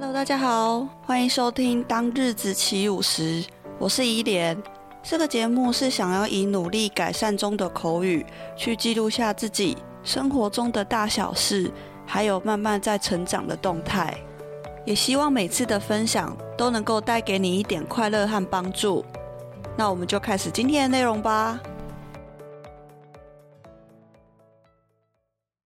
Hello，大家好，歡迎收聽《當日子起舞時》，我是伊蓮。這個節目是想要以努力改善中的口語，去記錄下自己生活中的大小事，還有慢慢在成長的動態。也希望每次的分享都能夠帶給你一點快樂和幫助。那我們就開始今天的內容吧。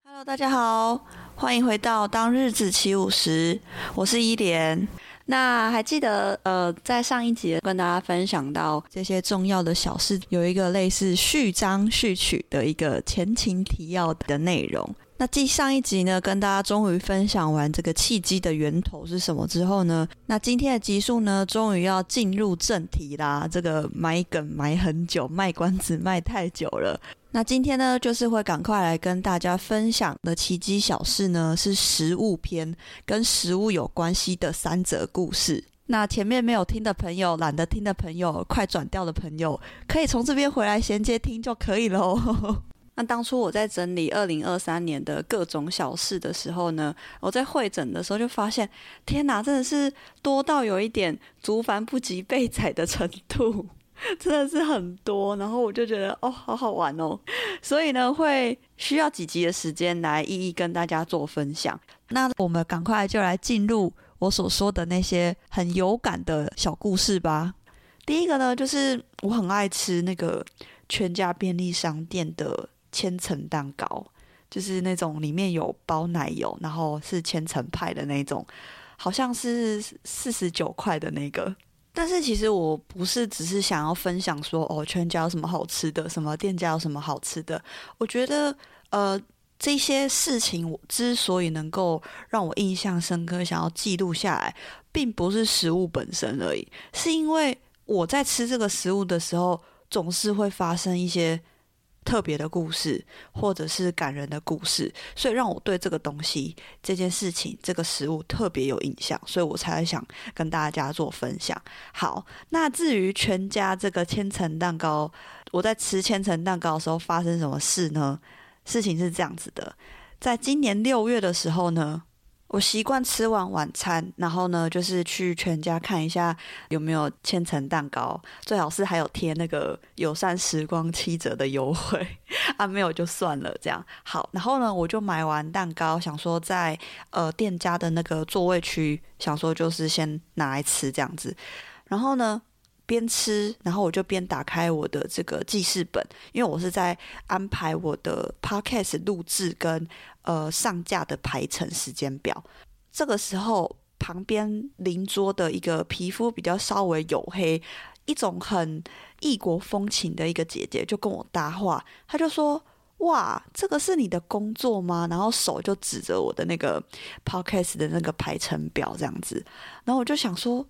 Hello，大家好。歡迎回到當日子起舞時，我是伊蓮。那還記得呃，在上一集跟大家分享到這些重要的小事，有一個類似序章、序曲的一個前情提要的內容。那繼上一集呢，跟大家終於分享完這個契機的源頭是什麼之後呢，那今天的集數呢，終於要進入正題啦。這個埋梗埋很久，賣關子賣太久了。那今天呢，就是會趕快來跟大家分享的奇蹟小事呢，是食物篇，跟食物有關係的三則故事。那前面沒有聽的朋友，懶得聽的朋友，快轉掉的朋友，可以從這邊回來銜接聽就可以了。 那當初我在整理二零二三年的各種小事的時候呢，我在會診的時候就發現，天哪，真的是多到有一點族繁不及備載的程度，真的是很多。然後我就覺得哦，好好玩哦，所以呢，會需要幾集的時間來一一跟大家做分享。那我們趕快就來進入我所說的那些很有感的小故事吧。第一個呢，就是我很愛吃那個全家便利商店的。千層蛋糕，就是那種裡面有包奶油，然後是千層派的那種，好像是四十九塊的那個。但是其實我不是只是想要分享說哦，全家有什麼好吃的，什麼店家有什麼好吃的。我覺得呃，這些事情之所以能夠讓我印象深刻，想要記錄下來，並不是食物本身而已，是因為我在吃這個食物的時候，總是會發生一些。特別的故事，或者是感人的故事，所以讓我對這個東西、這件事情、這個食物特別有印象，所以我才想跟大家做分享。好，那至於全家這個千層蛋糕，我在吃千層蛋糕的時候發生什麼事呢？事情是這樣子的，在今年六月的時候呢。我習慣吃完晚餐，然後呢，就是去全家看一下有沒有千層蛋糕，最好是還有貼那個友善時光七折的優惠啊，沒有就算了這樣。好，然後呢，我就買完蛋糕，想說在呃店家的那個座位區，想說就是先拿來吃這樣子。然後呢，邊吃，然後我就邊打開我的這個記事本，因為我是在安排我的 podcast 錄製跟呃，上架的排程時間表。這個時候，旁邊鄰桌的一個皮膚比較稍微黝黑、一種很異國風情的一個姐姐就跟我搭話，她就說：“哇，這個是你的工作嗎？”然後手就指着我的那個 Podcast 的那個排程表這樣子。然後我就想說，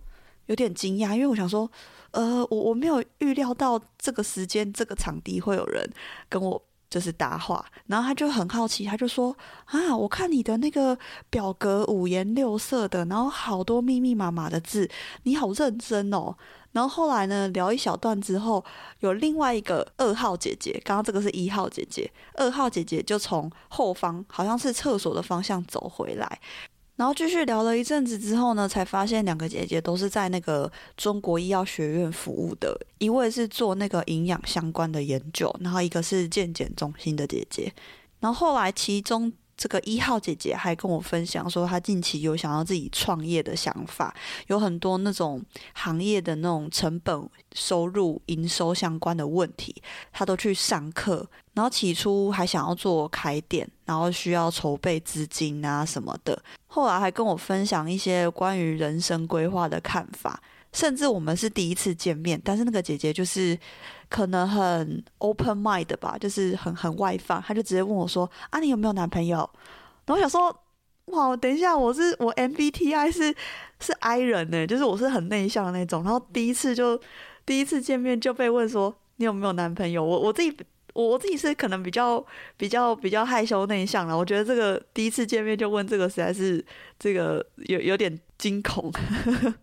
有點驚訝，因為我想說，呃，我我沒有預料到這個時間、這個場地會有人跟我。就是搭話，然後他就很好奇，他就說啊，我看你的那個表格，五顏六色的，然後好多密密麻麻的字，你好認真哦。然後後來呢，聊一小段之後，有另外一個二號姐姐，剛剛這個是一號姐姐，二號姐姐就從後方，好像是廁所的方向走回來。然後繼續聊了一陣子之後呢，才發現兩個姐姐都是在那個中國醫藥學院服務的，一位是做那個營養相關的研究，然後一個是健檢中心的姐姐。然後後來，其中這個一號姐姐還跟我分享說，她近期有想要自己創業的想法，有很多那種行業的那種成本、收入、營收相關的問題，她都去上課。然後起初還想要做開店，然後需要籌備資金啊什麼的。後來還跟我分享一些關於人生規劃的看法，甚至我們是第一次見面，但是那個姐姐就是可能很 open mind 吧，就是很很外放，她就直接問我說：“啊，你有沒有男朋友？”然後我想說：“哇，等一下，我是我 MBTI 是是 I 人呢，就是我是很內向的那種。”然後第一次就第一次見面就被問說：“你有沒有男朋友？”我我自己。我自己是可能比較比較比較害羞內向啦，我覺得這個第一次見面就問這個實在是這個有有點驚恐。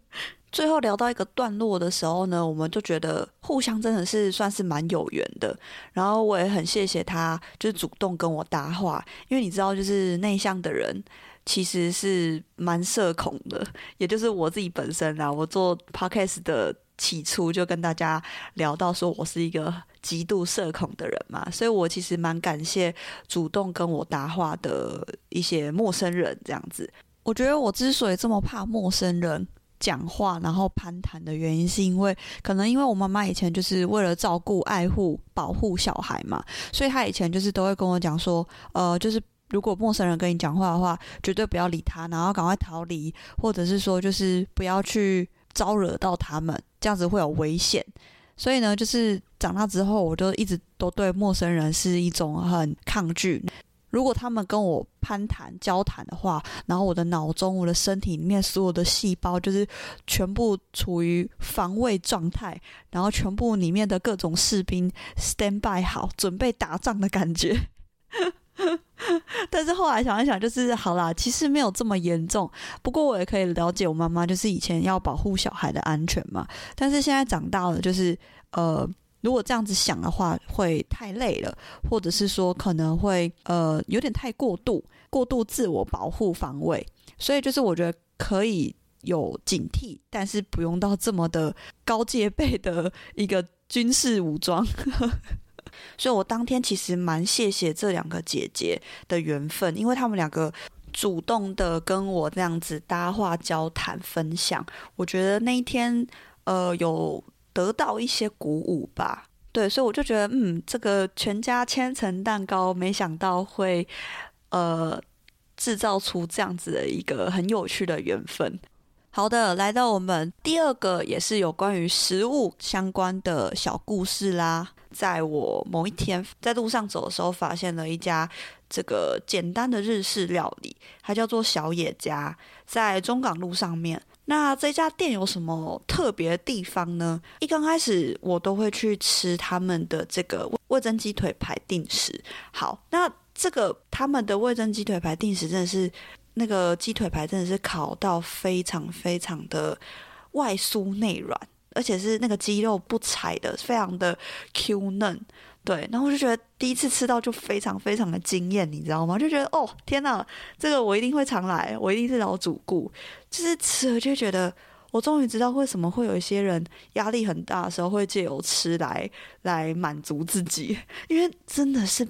最後聊到一個段落的時候呢，我們就覺得互相真的是算是蠻有緣的，然後我也很謝謝他，就是主動跟我搭話，因為你知道，就是內向的人其實是蠻社恐的，也就是我自己本身啦，我做 Podcast 的起初就跟大家聊到說我是一個。極度社恐的人嘛，所以我其實蠻感謝主動跟我搭話的一些陌生人。這樣子，我覺得我之所以這麼怕陌生人講話，然後攀談的原因，是因為可能因為我媽媽以前就是為了照顧、愛護、保護小孩嘛，所以她以前就是都會跟我講說，呃，就是如果陌生人跟你講話的話，絕對不要理他，然後趕快逃離，或者是說就是不要去招惹到他們，這樣子會有危險。所以呢，就是。長大之後，我就一直都對陌生人是一種很抗拒。如果他們跟我攀談、交談的話，然後我的腦中、我的身體裡面所有的細胞就是全部處於防衛狀態，然後全部裡面的各種士兵 stand by 好，準備打仗的感覺。 但是後來想一想，就是好啦，其實沒有這麼嚴重。不過我也可以了解，我媽媽就是以前要保護小孩的安全嘛。但是現在長大了，就是呃。如果這樣子想的話，會太累了，或者是說可能會呃有點太過度，過度自我保護防衛，所以就是我覺得可以有警惕，但是不用到這麼的高戒備的一個軍事武裝。 所以我當天其實蠻謝謝這兩個姐姐的緣分，因為他們兩個主動的跟我這樣子搭話、交談、分享，我覺得那一天呃有。得到一些鼓舞吧，對，所以我就覺得，嗯，這個全家千層蛋糕，沒想到會，呃，制造出這樣子的一個很有趣的緣分。好的，來到我們第二個，也是有關於食物相關的小故事啦。在我某一天在路上走的時候，發現了一家這個簡單的日式料理，它叫做小野家，在中港路上面。那這家店有什麼特別的地方呢？一剛開始我都會去吃他們的這個味噌雞腿排定食。好，那這個他們的味噌雞腿排定食真的是，那個雞腿排真的是烤到非常非常的外酥內軟，而且是那個雞肉不柴的，非常的 Q 嫩。對，然後我就覺得第一次吃到就非常非常的驚豔，你知道嗎？就覺得哦天哪，這個我一定會常來，我一定是老主顧。就是吃了就覺得我終於知道為什麼會有一些人壓力很大的時候會借由吃來來滿足自己，因為真的是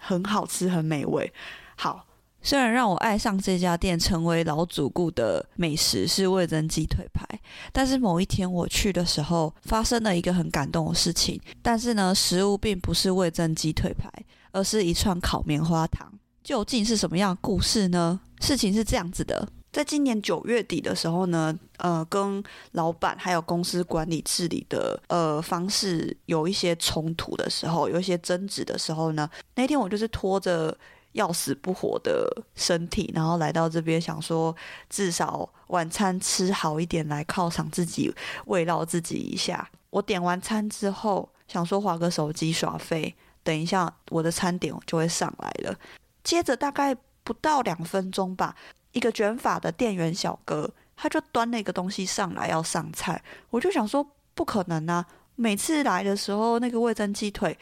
很好吃，很美味。好。雖然讓我愛上這家店，成為老主顧的美食是味噌雞腿排，但是某一天我去的時候，發生了一個很感動的事情。但是呢，食物並不是味噌雞腿排，而是一串烤棉花糖。究竟是什麼樣的故事呢？事情是這樣子的：在今年九月底的時候呢，呃，跟老板還有公司管理治理的呃方式有一些衝突的時候，有一些爭執的時候呢，那天我就是拖着。要死不活的身體，然後來到這邊，想說至少晚餐吃好一點，來犒賞自己，慰勞自己一下。我點完餐之後，想說滑個手機耍廢，等一下我的餐點就會上來了。接着大概不到兩分鐘吧，一個捲髮的店員小哥，他就端那個東西上來要上菜，我就想說不可能啊！每次來的時候，那個味噌雞腿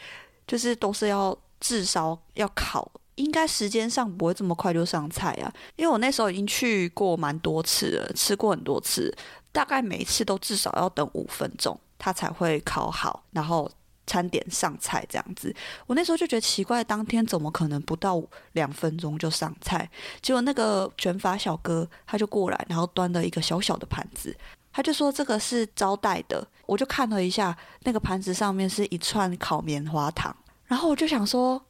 就是都是要至少要烤。應該時間上不會這麼快就上菜啊。因為我那時候已經去過蠻多次了，吃過很多次，大概每一次都至少要等五分鐘，他才會烤好，然後餐點上菜這樣子。我那時候就覺得奇怪，當天怎麼可能不到兩分鐘就上菜？結果那個捲髮小哥他就過來，然後端了一個小小的盤子，他就說這個是招待的，我就看了一下那個盤子上面是一串烤棉花糖，然後我就想說。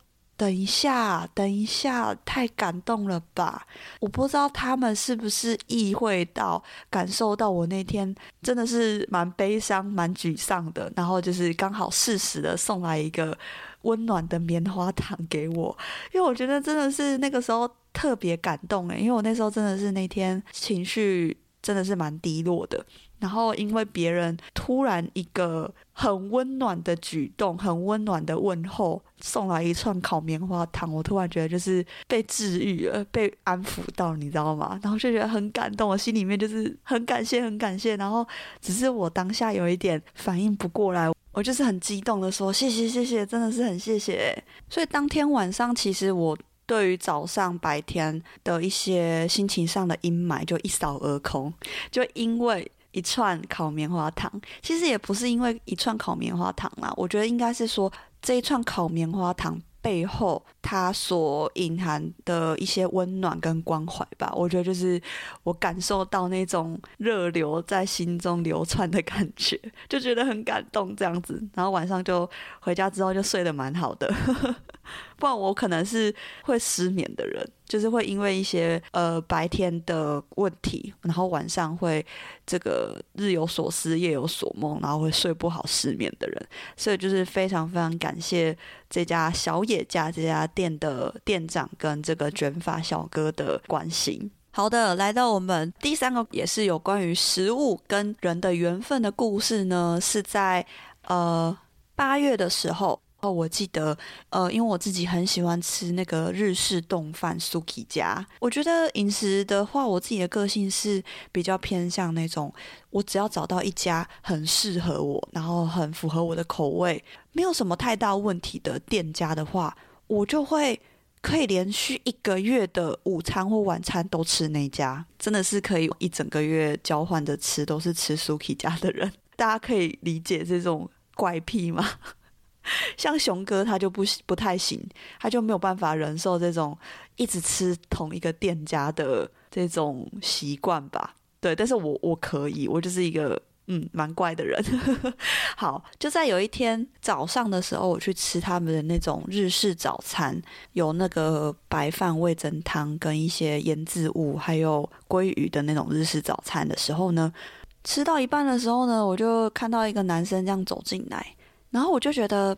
等一下，等一下，太感動了吧！我不知道他們是不是意會到、感受到我那天真的是蠻悲傷、蠻沮喪的。然後就是剛好適時的送來一個溫暖的棉花糖給我，因為我覺得真的是那個時候特別感動誒，因為我那時候真的是那天情緒真的是蠻低落的。然後，因為別人突然一個很溫暖的舉動，很溫暖的問候，送來一串烤棉花糖，我突然覺得就是被治癒了，被安撫到，你知道嗎？然後就覺得很感動，我心裡面就是很感謝，很感謝。然後，只是我當下有一點反應不過來，我就是很激動地說：“謝謝，謝謝，真的是很謝謝。”所以當天晚上，其實我對於早上白天的一些心情上的陰霾就一掃而空，就因為。一串烤棉花糖，其實也不是因為一串烤棉花糖啦，我覺得應該是說這一串烤棉花糖背後它所隱含的一些溫暖跟關懷吧。我覺得就是我感受到那種熱流在心中流竄的感覺，就覺得很感動這樣子。然後晚上就回家之後就睡得蠻好的。 不然我可能是會失眠的人，就是會因為一些呃白天的問題，然後晚上會這個日有所思夜有所夢，然後會睡不好失眠的人。所以就是非常非常感謝這家小野家這家店的店長跟這個捲髮小哥的關心。好的，來到我們第三個也是有關於食物跟人的緣分的故事呢，是在呃八月的時候。哦，我記得，呃，因為我自己很喜歡吃那個日式丼飯 Suki 家。我覺得飲食的話，我自己的個性是比較偏向那種，我只要找到一家很適合我，然後很符合我的口味，沒有什麼太大問題的店家的話，我就會可以連續一個月的午餐或晚餐都吃那家，真的是可以一整個月交換著吃，都是吃 Suki 家的人，大家可以理解這種怪癖嗎？像熊哥他就不不太行，他就沒有辦法忍受這種一直吃同一個店家的這種習慣吧。對，但是我我可以，我就是一個嗯蠻怪的人。 好，就在有一天早上的時候，我去吃他們的那種日式早餐，有那個白飯、味噌湯跟一些醃漬物，還有鮭魚的那種日式早餐的時候呢，吃到一半的時候呢，我就看到一個男生這樣走進來。然後我就覺得，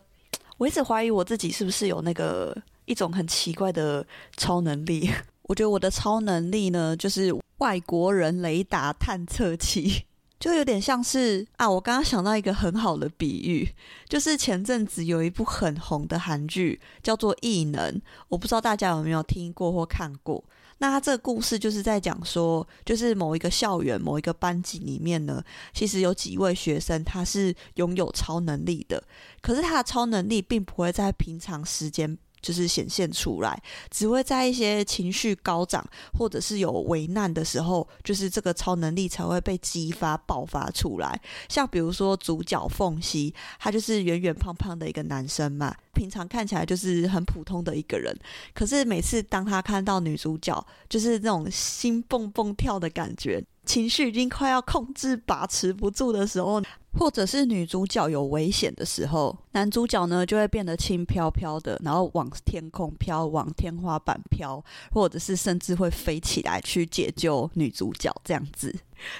我一直懷疑我自己是不是有那個一種很奇怪的超能力。我覺得我的超能力呢，就是外國人雷達探測器，就有點像是啊，我剛剛想到一個很好的比喻，就是前陣子有一部很紅的韓劇叫做《異能》，我不知道大家有沒有聽過或看過。那他這個故事就是在講說，就是某一個校園，某一個班級裡面呢，其實有幾位學生他是擁有超能力的，可是他的超能力並不會在平常時間。就是顯現出來，只會在一些情緒高漲或者是有危難的時候，就是這個超能力才會被激發爆發出來。像比如說主角鳳溪，他就是圓圓胖胖的一個男生嘛，平常看起來就是很普通的一個人，可是每次當他看到女主角，就是那種心蹦蹦跳的感覺。情緒已經快要控制、把持不住的時候，或者是女主角有危險的時候，男主角呢就會變得輕飄飄的，然後往天空飄，往天花板飄，或者是甚至會飛起來去解救女主角，這樣子。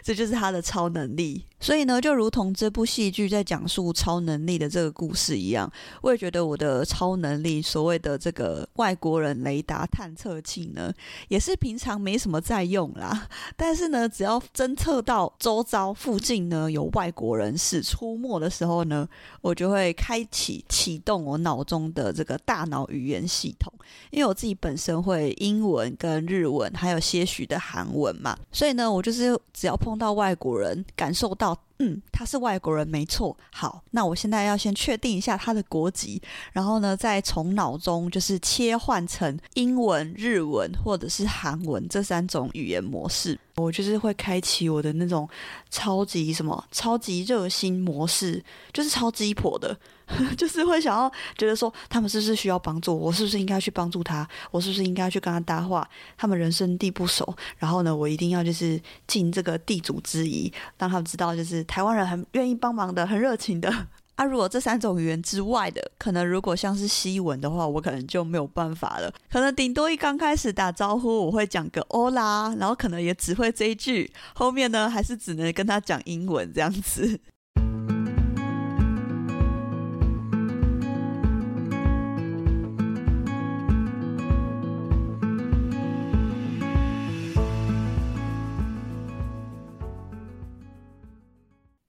這就是他的超能力，所以呢，就如同這部戲劇在講述超能力的這個故事一樣，我也覺得我的超能力所謂的這個外國人雷達探測器呢，也是平常沒什麼在用啦。但是呢，只要偵測到周遭附近呢有外國人士出沒的時候呢，我就會開啟啟動我腦中的這個大腦語言系統，因為我自己本身會英文跟日文，還有些許的韓文嘛，所以呢，我就是。只要碰到外國人，感受到。嗯，他是外國人，沒錯。好，那我現在要先確定一下他的國籍，然後呢，再從腦中就是切換成英文、日文或者是韓文這三種語言模式。我就是會開啟我的那種超級什麼超級熱心模式，就是超雞婆的， 就是會想要覺得說他們是不是需要幫助我，我是不是應該去幫助他，我是不是應該去跟他搭話？他們人生地不熟，然後呢，我一定要就是盡這個地主之誼，讓他們知道就是。台灣人很願意幫忙的，很熱情的啊。如果這三種語言之外的，可能如果像是西文的話，我可能就沒有辦法了。可能頂多一剛開始打招呼，我會講個哦啦，然後可能也只會這一句。後面呢，還是只能跟他講英文這樣子。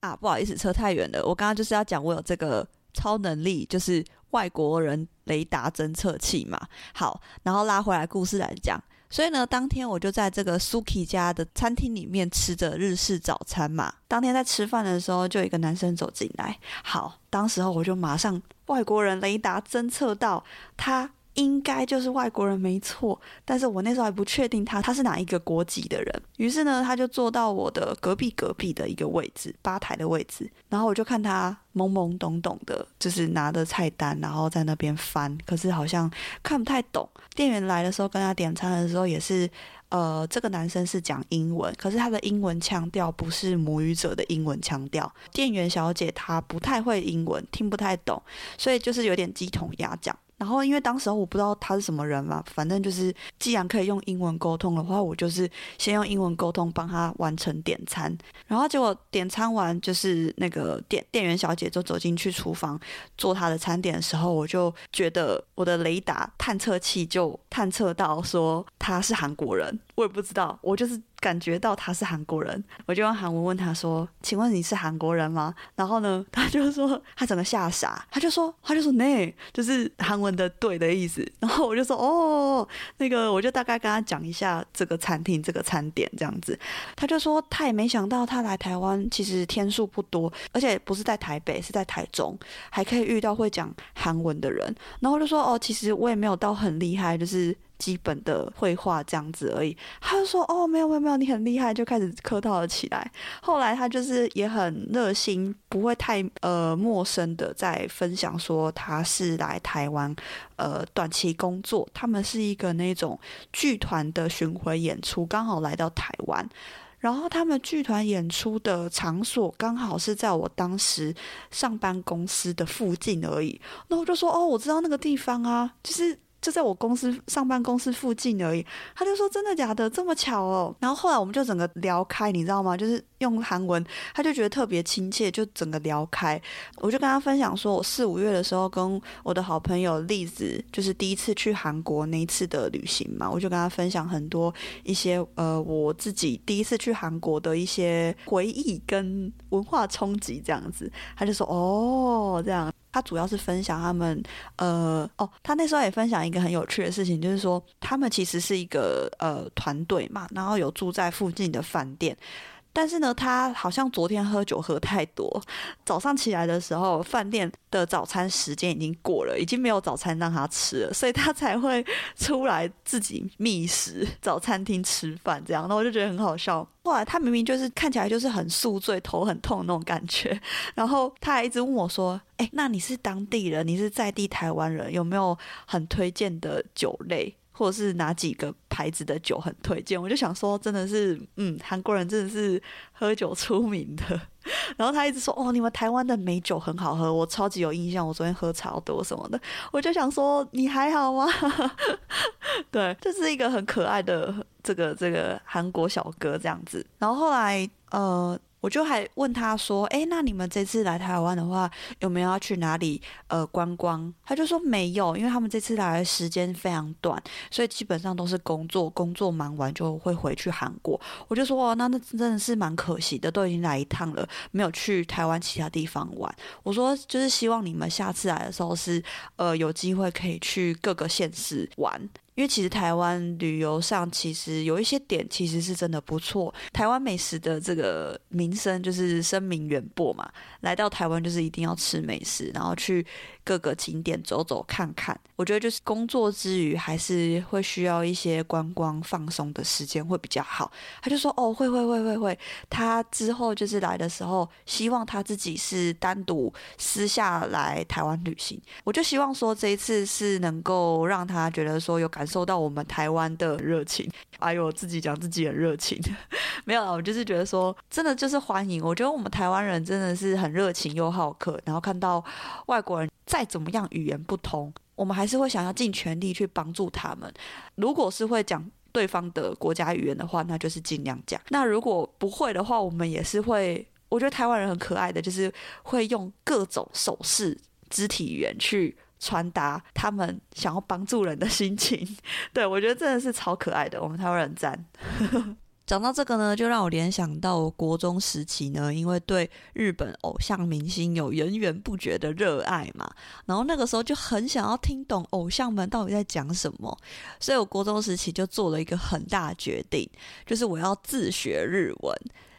啊，不好意思，扯太遠了。我剛剛就是要講，我有這個超能力，就是外國人雷達偵測器嘛。好，然後拉回來故事來講。所以呢，當天我就在這個 Suki 家的餐廳裡面吃着日式早餐嘛。當天在吃飯的時候，就有一個男生走進來。好，當時候我就馬上外國人雷達偵測到他。應該就是外國人沒錯，但是我那時候還不確定他他是哪一個國籍的人。於是呢，他就坐到我的隔壁隔壁的一個位置，吧台的位置。然後我就看他懵懵懂懂的，就是拿着菜單，然後在那邊翻，可是好像看不太懂。店員來的時候跟他點餐的時候也是，呃，這個男生是講英文，可是他的英文腔調不是母語者的英文腔調。店員小姐她不太會英文，聽不太懂，所以就是有點雞同鴨講。然後，因為當時候我不知道他是什麼人嘛，反正就是，既然可以用英文溝通的話，我就是先用英文溝通，幫他完成點餐。然後結果點餐完，就是那個店店員小姐就走進去廚房做他的餐點的時候，我就覺得我的雷達探測器就探測到說他是韓國人，我也不知道，我就是。感覺到他是韓國人，我就用韓文問他說：“請問你是韓國人嗎？”然後呢，他就說他整個嚇傻，他就說他就說 “ne”，就是韓文的“對”的意思。然後我就說：“哦，那個，我就大概跟他講一下這個餐廳、這個餐點這樣子。”他就說他也沒想到他來台灣其實天數不多，而且不是在台北，是在台中，還可以遇到會講韓文的人。然後就說：“哦，其實我也沒有到很厲害，就是。”基本的繪畫這樣子而已，他就說：“哦，沒有，沒有，沒有，你很厲害。”就開始客套了起來。後來他就是也很熱心，不會太呃陌生的，在分享說他是來台灣呃短期工作，他們是一個那種劇團的巡迴演出，剛好來到台灣。然後他們劇團演出的場所剛好是在我當時上班公司的附近而已。那我就說：“哦，我知道那個地方啊，就是。”就在我公司上班公司附近而已，他就說真的假的這麼巧哦，然後後來我們就整個聊開，你知道嗎？就是。用韓文，他就覺得特別親切，就整個聊開。我就跟他分享說，我四五月的時候跟我的好朋友栗子，就是第一次去韓國那一次的旅行嘛，我就跟他分享很多一些呃，我自己第一次去韓國的一些回憶跟文化衝擊這樣子。他就說哦，這樣。他主要是分享他們呃，哦，他那時候也分享一個很有趣的事情，就是說他們其實是一個呃團隊嘛，然後有住在附近的飯店。但是呢，他好像昨天喝酒喝太多，早上起來的時候，飯店的早餐時間已經過了，已經沒有早餐讓他吃了，所以他才會出來自己覓食，找餐廳吃飯這樣。那我就覺得很好笑。後來他明明就是看起來就是很宿醉，頭很痛那種感覺，然後他還一直問我說：“哎、欸，那你是當地人，你是在地台灣人，有沒有很推薦的酒類？”或者是哪幾個牌子的酒很推薦？我就想說，真的是，嗯，韓國人真的是喝酒出名的。然後他一直說，哦，你們台灣的美酒很好喝，我超級有印象。我昨天喝超多什麼的，我就想說，你還好嗎？ 對，這、就是一個很可愛的這個這個韓國小哥這樣子。然後後來，呃。我就還問他說：“誒，那你們這次來台灣的話，有沒有要去哪裡呃觀光？”他就說沒有，因為他們這次來的時間非常短，所以基本上都是工作，工作忙完就會回去韓國。我就說：“哦，那那真的是蠻可惜的，都已經來一趟了，沒有去台灣其他地方玩。”我說：“就是希望你們下次來的時候是呃有機會可以去各個縣市玩。”因為其實台灣旅遊上，其實有一些點其實是真的不錯。台灣美食的這個名聲就是聲名遠播嘛，來到台灣就是一定要吃美食，然後去各個景點走走看看。我覺得就是工作之餘還是會需要一些觀光放鬆的時間會比較好。他就說：“哦，會會會會會。”他之後就是來的時候，希望他自己是單獨私下來台灣旅行。我就希望說這一次是能夠讓他覺得說有感。受到我們台灣的熱情，哎呦，自己講自己很熱情，沒有了，我就是覺得說，真的就是歡迎。我覺得我們台灣人真的是很熱情又好客，然後看到外國人再怎麼樣語言不通，我們還是會想要盡全力去幫助他們。如果是會講對方的國家語言的話，那就是盡量講；那如果不會的話，我們也是會。我覺得台灣人很可愛的，就是會用各種手勢、肢體語言去傳達他們想要幫助人的心情， 對，我覺得真的是超可愛的。我們台灣人贊。 講到這個呢，就讓我聯想到我國中時期呢，因為對日本偶像明星有源源不絕的熱愛嘛，然後那個時候就很想要聽懂偶像們到底在講什麼，所以我國中時期就做了一個很大的決定，就是我要自學日文。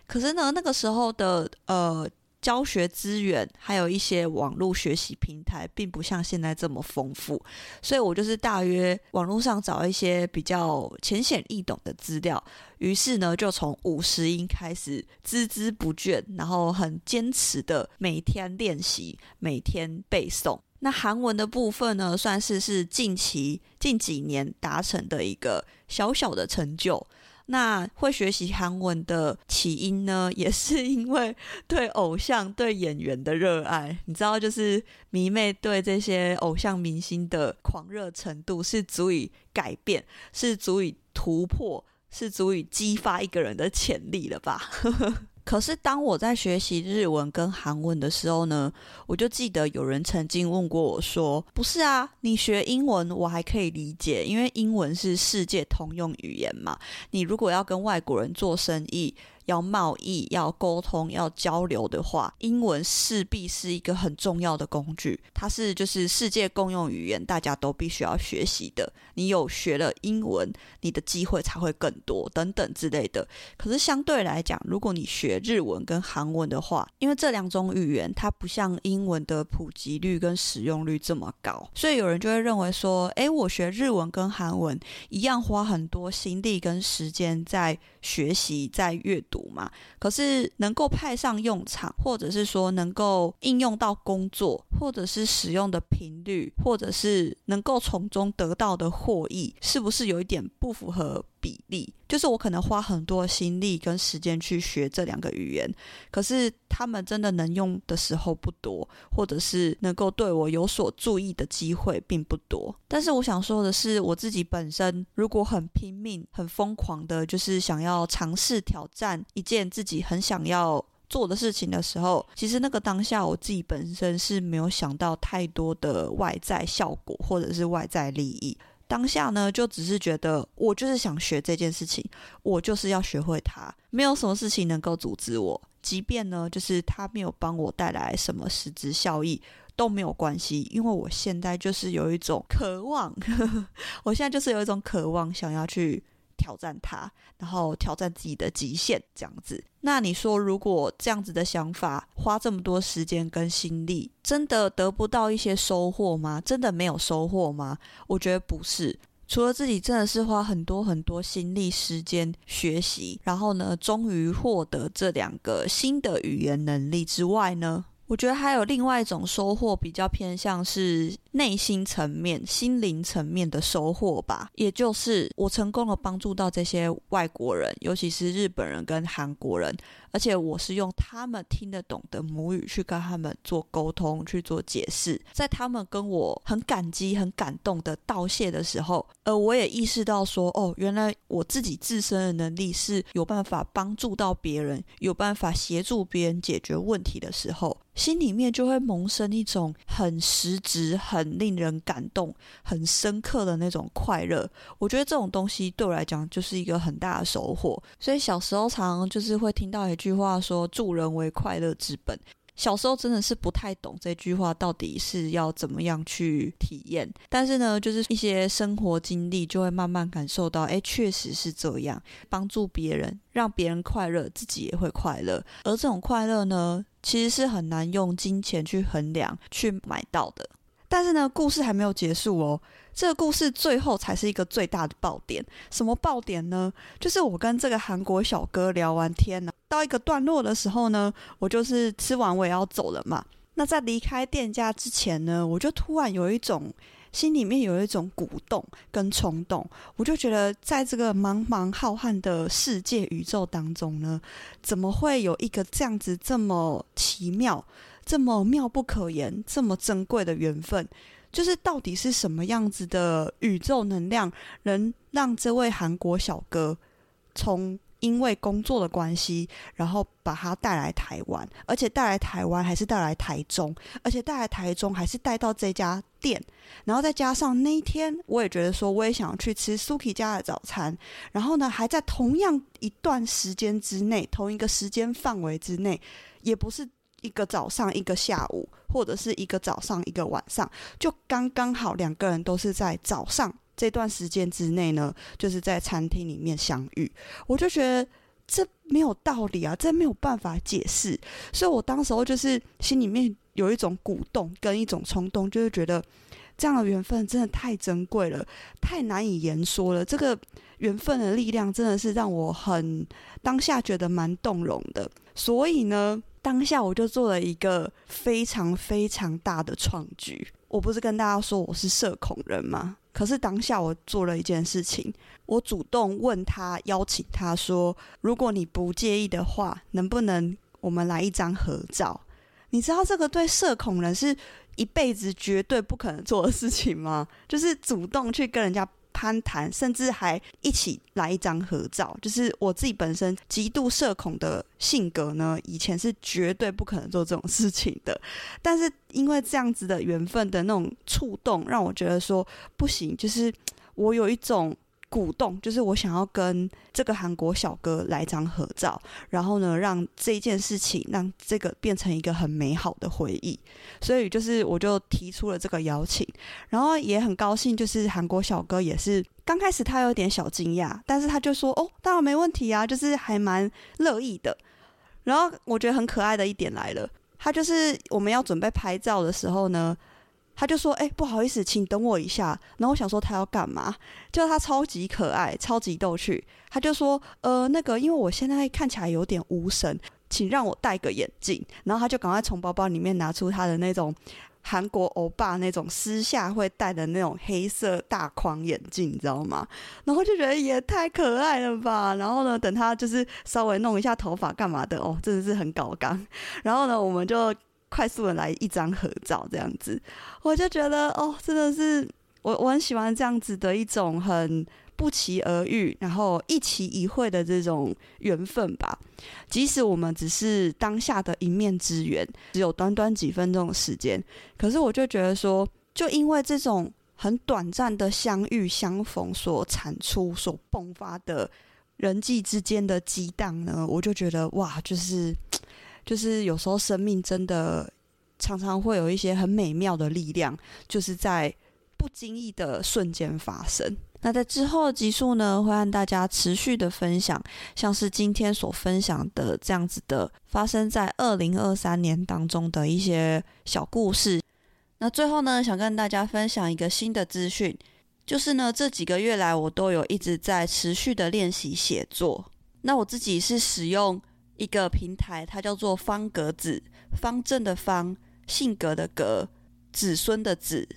可是呢，那個時候的呃。教學資源還有一些網絡學習平台，並不像現在這麼豐富，所以我就是大約網絡上找一些比較淺顯易懂的資料，於是呢，就從五十音開始孜孜不倦，然後很堅持的每天練習，每天背誦。那韓文的部分呢，算是是近期近幾年達成的一個小小的成就。那會學習韓文的起因呢，也是因為對偶像、對演員的熱愛。你知道，就是迷妹對這些偶像明星的狂熱程度，是足以改變，是足以突破，是足以激發一個人的潛力了吧？ 可是，當我在學習日文跟韓文的時候呢，我就記得有人曾經問過我說：“不是啊，你學英文我還可以理解，因為英文是世界通用語言嘛。你如果要跟外國人做生意，”要貿易、要溝通、要交流的話，英文勢必是一個很重要的工具。它是就是世界共用語言，大家都必須要學習的。你有學了英文，你的機會才會更多等等之類的。可是相對來講，如果你學日文跟韓文的話，因為這兩種語言它不像英文的普及率跟使用率這麼高，所以有人就會認為說：誒、欸，我學日文跟韓文一樣，花很多心力跟時間在。學習在閱讀嘛，可是能夠派上用場，或者是說能夠應用到工作，或者是使用的頻率，或者是能夠從中得到的獲益，是不是有一點不符合？比例就是我可能花很多的心力跟時間去學這兩個語言，可是他們真的能用的時候不多，或者是能夠對我有所注意的機會並不多。但是我想說的是，我自己本身如果很拼命、很瘋狂的，就是想要嘗試挑戰一件自己很想要做的事情的時候，其實那個當下我自己本身是沒有想到太多的外在效果或者是外在利益。當下呢，就只是覺得我就是想學這件事情，我就是要學會它，沒有什麼事情能夠阻止我。即便呢，就是它沒有幫我帶來什麼實質效益，都沒有關係，因為我現在就是有一種渴望，呵呵，我現在就是有一種渴望想要去。挑戰他，然後挑戰自己的極限，這樣子。那你說，如果這樣子的想法，花這麼多時間跟心力，真的得不到一些收穫嗎？真的沒有收穫嗎？我覺得不是。除了自己真的是花很多很多心力、時間學習，然後呢，終於獲得這兩個新的語言能力之外呢，我覺得還有另外一種收穫，比較偏向是。內心層面、心靈層面的收穫吧，也就是我成功的幫助到這些外國人，尤其是日本人跟韓國人，而且我是用他們聽得懂的母語去跟他們做溝通、去做解釋。在他們跟我很感激、很感動的道謝的時候，而我也意識到說，哦，原來我自己自身的能力是有辦法幫助到別人，有辦法協助別人解決問題的時候，心裡面就會萌生一種很實質、很。令人感動、很深刻的那種快樂，我覺得這種東西對我來講就是一個很大的收穫。所以小時候常常就是會聽到一句話說“助人為快樂之本”。小時候真的是不太懂這句話到底是要怎麼樣去體驗，但是呢，就是一些生活經歷就會慢慢感受到，哎，確實是這樣，幫助別人，讓別人快樂，自己也會快樂。而這種快樂呢，其實是很難用金錢去衡量、去買到的。但是呢，故事還沒有結束哦。這個故事最後才是一個最大的爆點。什麼爆點呢？就是我跟這個韓國小哥聊完天呢，啊，到一個段落的時候呢，我就是吃完我也要走了嘛。那在離開店家之前呢，我就突然有一種心裡面有一種鼓動跟衝動，我就覺得在這個茫茫浩瀚的世界宇宙當中呢，怎麼會有一個這樣子這麼奇妙？這麼妙不可言，這麼珍貴的緣分，就是到底是什麼樣子的宇宙能量，能讓這位韓國小哥從因為工作的關係，然後把他帶來台灣，而且帶來台灣還是帶來台中，而且帶來台中還是帶到這家店，然後再加上那一天，我也覺得說，我也想要去吃蘇 u 家的早餐，然後呢，還在同樣一段時間之內，同一個時間範圍之內，也不是。一個早上，一個下午，或者是一個早上，一個晚上，就剛剛好，兩個人都是在早上這段時間之內呢，就是在餐廳裡面相遇。我就覺得這沒有道理啊，這沒有辦法解釋。所以我當時候就是心裡面有一種鼓動，跟一種衝動，就是覺得這樣的緣分真的太珍貴了，太難以言說了。這個緣分的力量真的是讓我很當下覺得蠻動容的。所以呢。當下我就做了一個非常非常大的創舉。我不是跟大家說我是社恐人嗎？可是當下我做了一件事情，我主動問他，邀請他說：“如果你不介意的話，能不能我們來一張合照？”你知道這個對社恐人是一輩子絕對不可能做的事情嗎？就是主動去跟人家。攀談，甚至還一起來一張合照。就是我自己本身極度社恐的性格呢，以前是絕對不可能做這種事情的。但是因為這樣子的緣分的那種觸動，讓我覺得說不行。就是我有一種。鼓動，就是我想要跟這個韓國小哥來張合照，然後呢，讓這一件事情讓這個變成一個很美好的回憶。所以就是我就提出了這個邀請，然後也很高興，就是韓國小哥也是剛開始他有點小驚訝，但是他就說哦，當然沒問題啊，就是還蠻樂意的。然後我覺得很可愛的一點來了，他就是我們要準備拍照的時候呢。他就說：“哎、欸，不好意思，請等我一下。”然後我想說他要幹嘛？就他超級可愛、超級逗趣。他就說：“呃，那個，因為我現在看起來有點無神，請讓我戴個眼鏡。”然後他就趕快從包包裡面拿出他的那種韓國歐巴那種私下會戴的那種黑色大框眼鏡，你知道嗎？然後就覺得也太可愛了吧。然後呢，等他就是稍微弄一下頭髮幹嘛的哦，真的是很搞剛。然後呢，我們就。快速的來一張合照，這樣子，我就覺得哦，真的是我我很喜歡這樣子的一種很不期而遇、然後一期一會的這種緣分吧。即使我們只是當下的一面之緣，只有短短幾分鐘的時間，可是我就覺得說，就因為這種很短暫的相遇相逢所產出、所迸發的人際之間的激盪呢，我就覺得哇，就是。就是有時候生命真的常常會有一些很美妙的力量，就是在不經意的瞬間發生。那在之後的集數呢，會和大家持續的分享，像是今天所分享的這樣子的，發生在二零二三年當中的一些小故事。那最後呢，想跟大家分享一個新的資訊，就是呢，這幾個月來我都有一直在持續的練習寫作。那我自己是使用一個平台，它叫做“方格子”，方正的“方”，性格的“格”，子孫的“子”。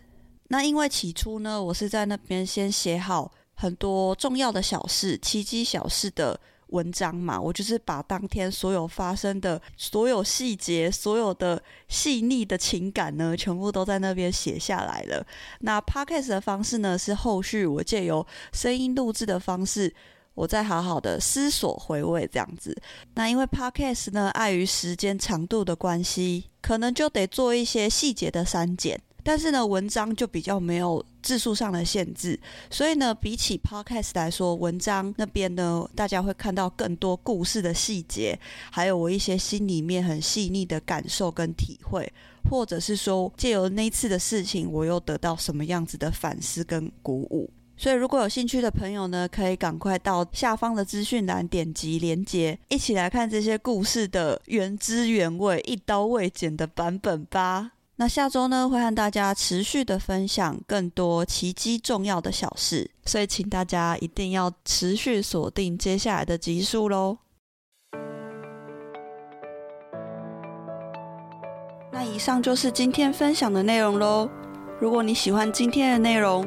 那因為起初呢，我是在那邊先寫好很多重要的小事、奇蹟小事的文章嘛，我就是把當天所有發生的、所有細節、所有的細膩的情感呢，全部都在那邊寫下來了。那 podcast 的方式呢，是後續我借由聲音錄制的方式。我再好好的思索回味這樣子，那因為 Podcast 呢，礙於時間長度的關係，可能就得做一些細節的刪減。但是呢，文章就比較沒有字數上的限制，所以呢，比起 Podcast 來說，文章那邊呢，大家會看到更多故事的細節，還有我一些心裡面很細膩的感受跟體會，或者是說借由那次的事情，我又得到什麼樣子的反思跟鼓舞。所以，如果有興趣的朋友呢，可以趕快到下方的資訊欄點擊連結，一起來看這些故事的原汁原味、一刀未剪的版本吧。那下周呢，會和大家持續的分享更多奇蹟重要的小事，所以請大家一定要持續鎖定接下來的集數嘍。那以上就是今天分享的內容嘍。如果你喜歡今天的內容，